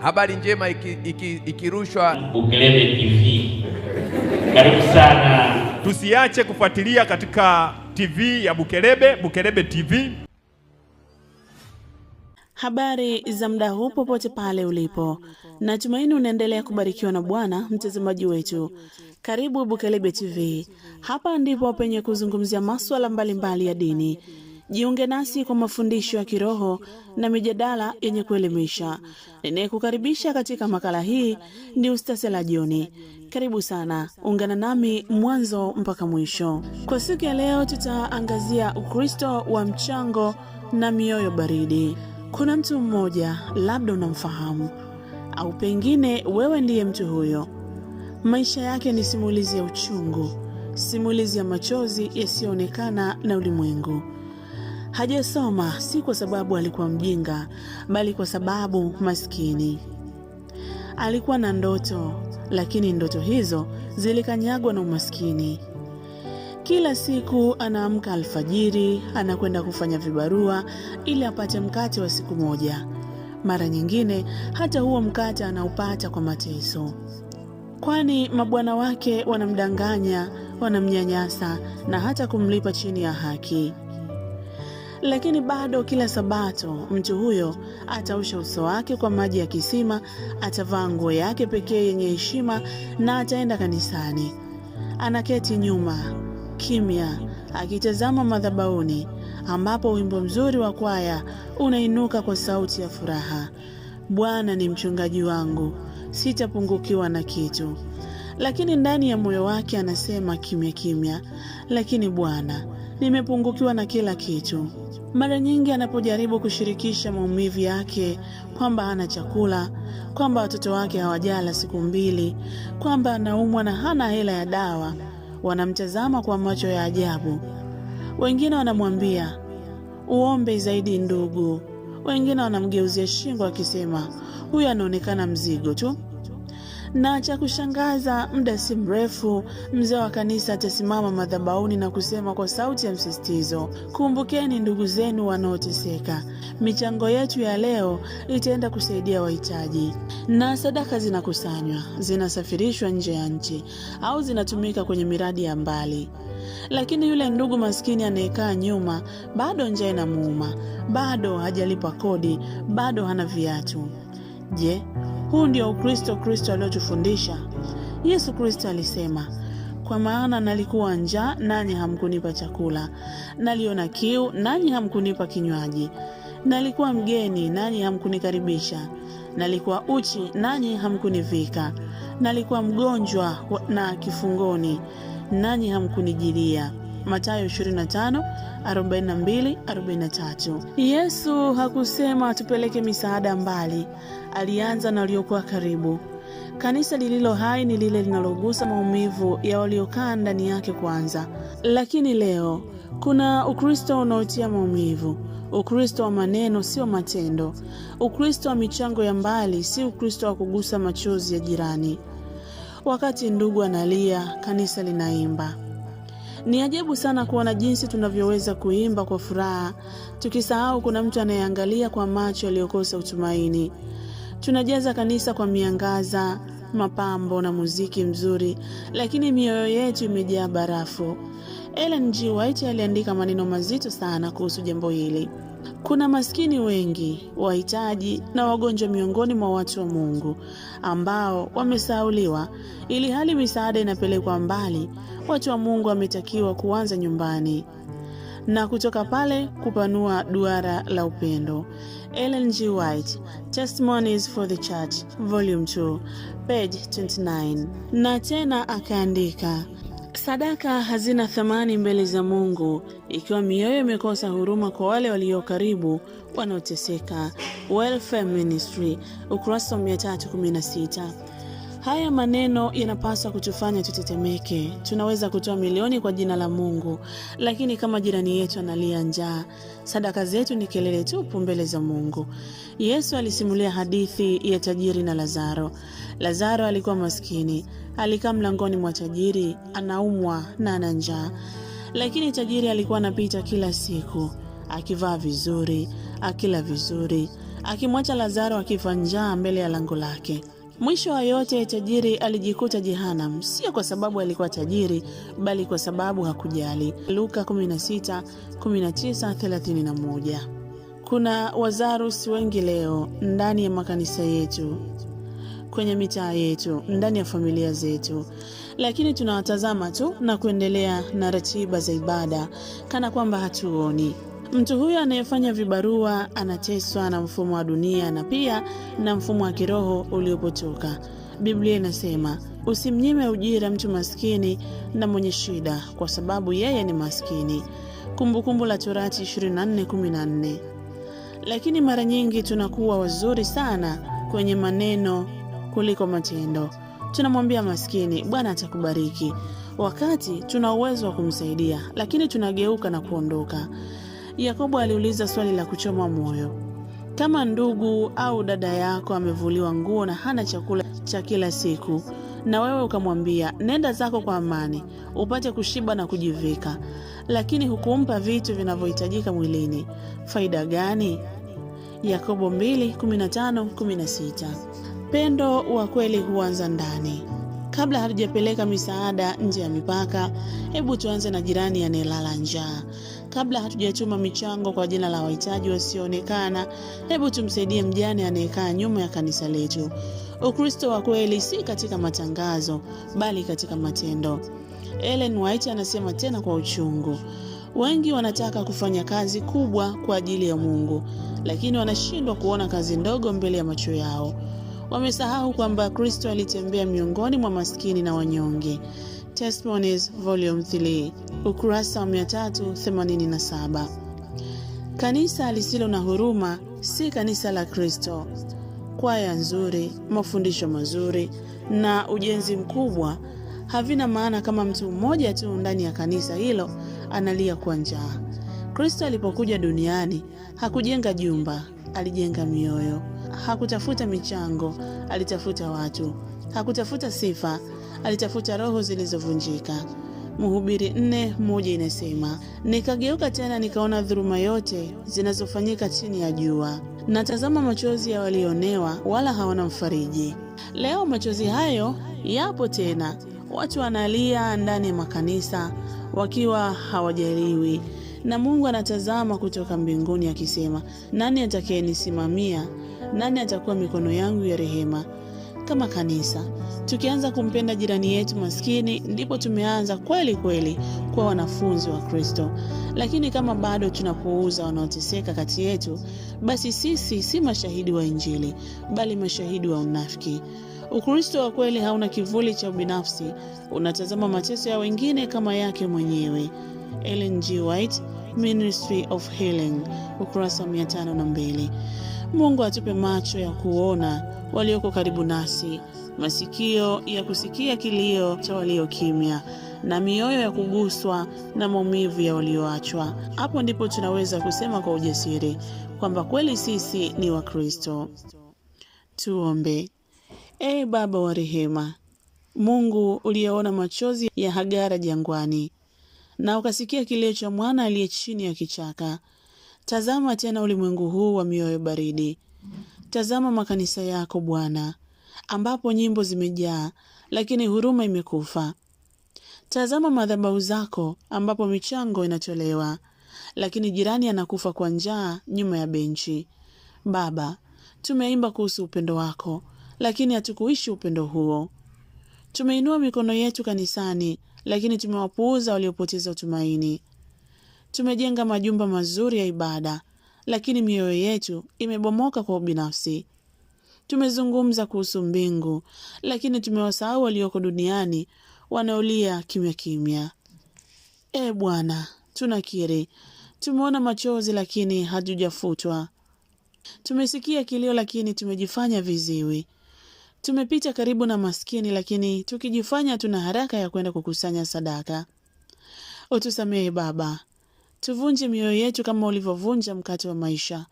Habari njema ikirushwa iki, iki Bukelebe TV. Karibu sana, tusiache kufuatilia katika TV ya Bukelebe, Bukelebe TV. Habari za muda huu popote pale ulipo, natumaini unaendelea kubarikiwa na Bwana mtazamaji wetu. Karibu Bukelebe TV, hapa ndipo penye kuzungumzia masuala mbalimbali ya dini Jiunge nasi kwa mafundisho ya kiroho na mijadala yenye kuelimisha. Ninayekukaribisha katika makala hii ni Ustasela Joni. Karibu sana, ungana nami mwanzo mpaka mwisho. Kwa siku ya leo, tutaangazia Ukristo wa mchango na mioyo baridi. Kuna mtu mmoja, labda unamfahamu au pengine wewe ndiye mtu huyo. Maisha yake ni simulizi ya uchungu, simulizi ya machozi yasiyoonekana na ulimwengu Hajasoma si kwa sababu alikuwa mjinga, bali kwa sababu maskini. Alikuwa na ndoto, lakini ndoto hizo zilikanyagwa na umaskini. Kila siku anaamka alfajiri, anakwenda kufanya vibarua ili apate mkate wa siku moja. Mara nyingine hata huo mkate anaupata kwa mateso, kwani mabwana wake wanamdanganya, wanamnyanyasa na hata kumlipa chini ya haki lakini bado kila Sabato mtu huyo ataosha uso wake kwa maji ya kisima, atavaa nguo yake pekee yenye heshima na ataenda kanisani. Anaketi nyuma kimya, akitazama madhabahuni ambapo wimbo mzuri wa kwaya unainuka kwa sauti ya furaha, Bwana ni mchungaji wangu, sitapungukiwa na kitu. Lakini ndani ya moyo wake anasema kimya kimya, lakini Bwana nimepungukiwa na kila kitu. Mara nyingi anapojaribu kushirikisha maumivu yake kwamba hana chakula, kwamba watoto wake hawajala siku mbili, kwamba anaumwa na hana hela ya dawa, wanamtazama kwa macho ya ajabu. Wengine wanamwambia uombe zaidi ndugu, wengine wanamgeuzia shingo akisema huyu anaonekana mzigo tu. Na cha kushangaza, muda si mrefu mzee wa kanisa atasimama madhabahuni na kusema kwa sauti ya msisitizo, kumbukeni ndugu zenu wanaoteseka, michango yetu ya leo itaenda kusaidia wahitaji. Na sadaka zinakusanywa, zinasafirishwa nje ya nchi au zinatumika kwenye miradi ya mbali lakini yule ndugu maskini anayekaa nyuma bado njaa inamuuma, bado hajalipa kodi, bado hana viatu. Je, huu ndio Ukristo Kristo aliotufundisha. Yesu Kristo alisema, kwa maana nalikuwa njaa nanyi hamkunipa chakula, naliona kiu nanyi hamkunipa kinywaji, nalikuwa mgeni nanyi hamkunikaribisha, nalikuwa uchi nanyi hamkunivika, nalikuwa mgonjwa na kifungoni nanyi hamkunijilia Mathayo 25, 42, 43. Yesu hakusema tupeleke misaada mbali, alianza na waliokuwa karibu. Kanisa lililo hai ni lile linalogusa maumivu ya waliokaa ndani yake kwanza. Lakini leo kuna Ukristo unaotia maumivu, Ukristo wa maneno sio matendo, Ukristo wa michango ya mbali si Ukristo wa kugusa machozi ya jirani. Wakati ndugu analia, kanisa linaimba. Ni ajabu sana kuona jinsi tunavyoweza kuimba kwa furaha tukisahau kuna mtu anayeangalia kwa macho aliyokosa utumaini. Tunajaza kanisa kwa miangaza, mapambo na muziki mzuri, lakini mioyo yetu imejaa barafu. Ellen G. White aliandika maneno mazito sana kuhusu jambo hili. Kuna maskini wengi, wahitaji na wagonjwa miongoni mwa watu wa Mungu ambao wamesauliwa, ili hali misaada inapelekwa mbali. Watu wa Mungu wametakiwa kuanza nyumbani na kutoka pale kupanua duara la upendo. Ellen G. White, Testimonies for the Church, Volume 2, page 29. Na tena akaandika Sadaka hazina thamani mbele za Mungu ikiwa mioyo imekosa huruma kwa wale walio karibu wanaoteseka. Welfare Ministry, ukurasa wa 316. Haya maneno yanapaswa kutufanya tutetemeke. Tunaweza kutoa milioni kwa jina la Mungu, lakini kama jirani yetu analia njaa, sadaka zetu ni kelele tupu mbele za Mungu. Yesu alisimulia hadithi ya tajiri na Lazaro. Lazaro alikuwa maskini, alikaa mlangoni mwa tajiri, anaumwa na ana njaa, lakini tajiri alikuwa anapita kila siku akivaa vizuri, akila vizuri, akimwacha Lazaro akifa njaa mbele ya lango lake. Mwisho wa yote, tajiri alijikuta jehanamu, sio kwa sababu alikuwa tajiri, bali kwa sababu hakujali. Luka 16:19-31. Kuna Wazarus wengi leo ndani ya makanisa yetu, kwenye mitaa yetu, ndani ya familia zetu, lakini tunawatazama tu na kuendelea na ratiba za ibada kana kwamba hatuoni. Mtu huyo anayefanya vibarua anateswa na mfumo wa dunia na pia na mfumo wa kiroho uliopotoka. Biblia inasema usimnyime ujira mtu maskini na mwenye shida, kwa sababu yeye ni maskini. Kumbukumbu la Torati 24:14. Lakini mara nyingi tunakuwa wazuri sana kwenye maneno kuliko matendo. Tunamwambia maskini, Bwana atakubariki, wakati tuna uwezo wa kumsaidia, lakini tunageuka na kuondoka. Yakobo aliuliza swali la kuchoma moyo. Kama ndugu au dada yako amevuliwa nguo na hana chakula cha kila siku, na wewe ukamwambia nenda zako kwa amani upate kushiba na kujivika, lakini hukumpa vitu vinavyohitajika mwilini, faida gani? Yakobo 2:15-16. Pendo wa kweli huanza ndani. Kabla hatujapeleka misaada nje ya mipaka, hebu tuanze na jirani anayelala njaa. Kabla hatujachuma michango kwa jina la wahitaji wasioonekana, hebu tumsaidie mjane anayekaa nyuma ya kanisa letu. Ukristo wa kweli si katika matangazo, bali katika matendo. Ellen White anasema tena kwa uchungu, wengi wanataka kufanya kazi kubwa kwa ajili ya Mungu, lakini wanashindwa kuona kazi ndogo mbele ya macho yao. Wamesahau kwamba Kristo alitembea miongoni mwa maskini na wanyonge. Testimonies Volume 3 ukurasa wa 387. Kanisa lisilo na huruma si kanisa la Kristo. Kwaya nzuri, mafundisho mazuri na ujenzi mkubwa havina maana kama mtu mmoja tu ndani ya kanisa hilo analia kwa njaa. Kristo alipokuja duniani hakujenga jumba, alijenga mioyo. Hakutafuta michango, alitafuta watu. Hakutafuta sifa, alitafuta roho zilizovunjika. Mhubiri nne moja inasema, nikageuka tena nikaona dhuruma yote zinazofanyika chini ya jua, natazama machozi ya walionewa, wala hawana mfariji. Leo machozi hayo yapo tena, watu wanalia ndani ya makanisa wakiwa hawajaliwi, na Mungu anatazama kutoka mbinguni akisema, nani atakayenisimamia? Nani atakuwa mikono yangu ya rehema? kama kanisa, tukianza kumpenda jirani yetu maskini, ndipo tumeanza kweli kweli kuwa wanafunzi wa Kristo. Lakini kama bado tunapouza wanaoteseka kati yetu, basi sisi si mashahidi wa Injili, bali mashahidi wa unafiki. Ukristo wa kweli hauna kivuli cha ubinafsi, unatazama mateso ya wengine kama yake mwenyewe. Ellen White, Ministry of Healing, ukurasa wa Mungu atupe macho ya kuona walioko karibu nasi, masikio ya kusikia kilio cha walio kimya, na mioyo ya kuguswa na maumivu ya walioachwa. Hapo ndipo tunaweza kusema kwa ujasiri kwamba kweli sisi ni Wakristo. Tuombe. Ee Baba wa rehema, Mungu uliyeona machozi ya Hagara jangwani na ukasikia kilio cha mwana aliye chini ya kichaka Tazama tena ulimwengu huu wa mioyo baridi. Tazama makanisa yako Bwana, ambapo nyimbo zimejaa, lakini huruma imekufa. Tazama madhabahu zako, ambapo michango inatolewa, lakini jirani anakufa kwa njaa nyuma ya benchi. Baba, tumeimba kuhusu upendo wako, lakini hatukuishi upendo huo. Tumeinua mikono yetu kanisani, lakini tumewapuuza waliopoteza utumaini Tumejenga majumba mazuri ya ibada, lakini mioyo yetu imebomoka kwa ubinafsi. Tumezungumza kuhusu mbingu, lakini tumewasahau walioko duniani wanaolia kimya kimya. E Bwana, tunakiri tumeona machozi, lakini hatujafutwa. Tumesikia kilio, lakini tumejifanya viziwi. Tumepita karibu na maskini, lakini tukijifanya tuna haraka ya kwenda kukusanya sadaka. Utusamehe Baba, Tuvunje mioyo yetu kama ulivyovunja mkate wa maisha.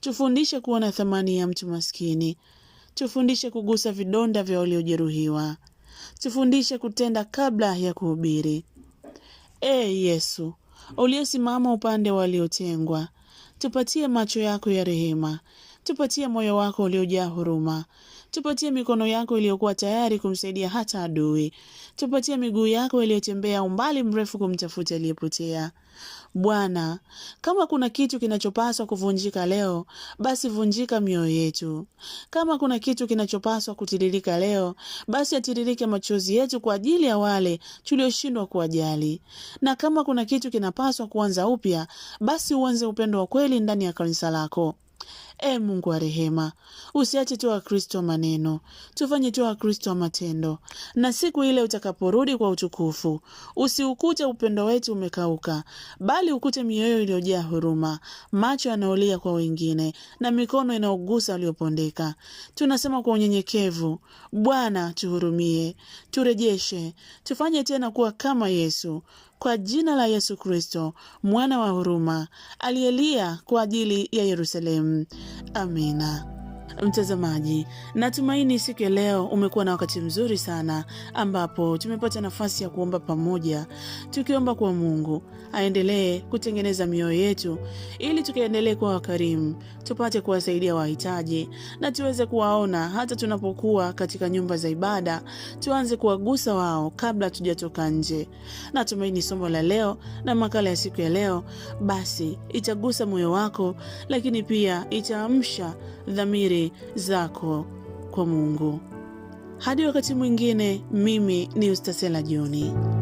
Tufundishe kuona thamani ya mtu maskini. Tufundishe kugusa vidonda vya waliojeruhiwa. Tufundishe kutenda kabla ya kuhubiri. E Yesu, uliyesimama upande waliotengwa, tupatie macho yako ya rehema, tupatie moyo wako uliojaa huruma, tupatie mikono yako iliyokuwa tayari kumsaidia hata adui, tupatie miguu yako iliyotembea umbali mrefu kumtafuta aliyepotea. Bwana, kama kuna kitu kinachopaswa kuvunjika leo, basi vunjika mioyo yetu. Kama kuna kitu kinachopaswa kutiririka leo, basi atiririke machozi yetu kwa ajili ya wale tulioshindwa kuwajali. Na kama kuna kitu kinapaswa kuanza upya, basi uanze upendo wa kweli ndani ya kanisa lako. E Mungu wa rehema, usiache tu Wakristo wa maneno, tufanye tu Wakristo wa matendo, na siku ile utakaporudi kwa utukufu, usiukute upendo wetu umekauka, bali ukute mioyo iliyojaa huruma, macho yanaolia kwa wengine, na mikono inayogusa waliopondeka. Tunasema kwa unyenyekevu, Bwana, tuhurumie, turejeshe, tufanye tena kuwa kama Yesu, kwa jina la Yesu Kristo mwana wa huruma aliyelia kwa ajili ya Yerusalemu. Amina. Mtazamaji, natumaini siku ya leo umekuwa na wakati mzuri sana, ambapo tumepata nafasi ya kuomba pamoja, tukiomba kwa Mungu aendelee kutengeneza mioyo yetu ili tukaendelee kuwa wakarimu, tupate kuwasaidia wahitaji na tuweze kuwaona hata tunapokuwa katika nyumba za ibada, tuanze kuwagusa wao kabla tujatoka nje. Natumaini somo la leo na makala ya siku ya leo basi itagusa moyo wako, lakini pia itaamsha dhamiri dhambi zako kwa Mungu. Hadi wakati mwingine, mimi ni Yustasela John.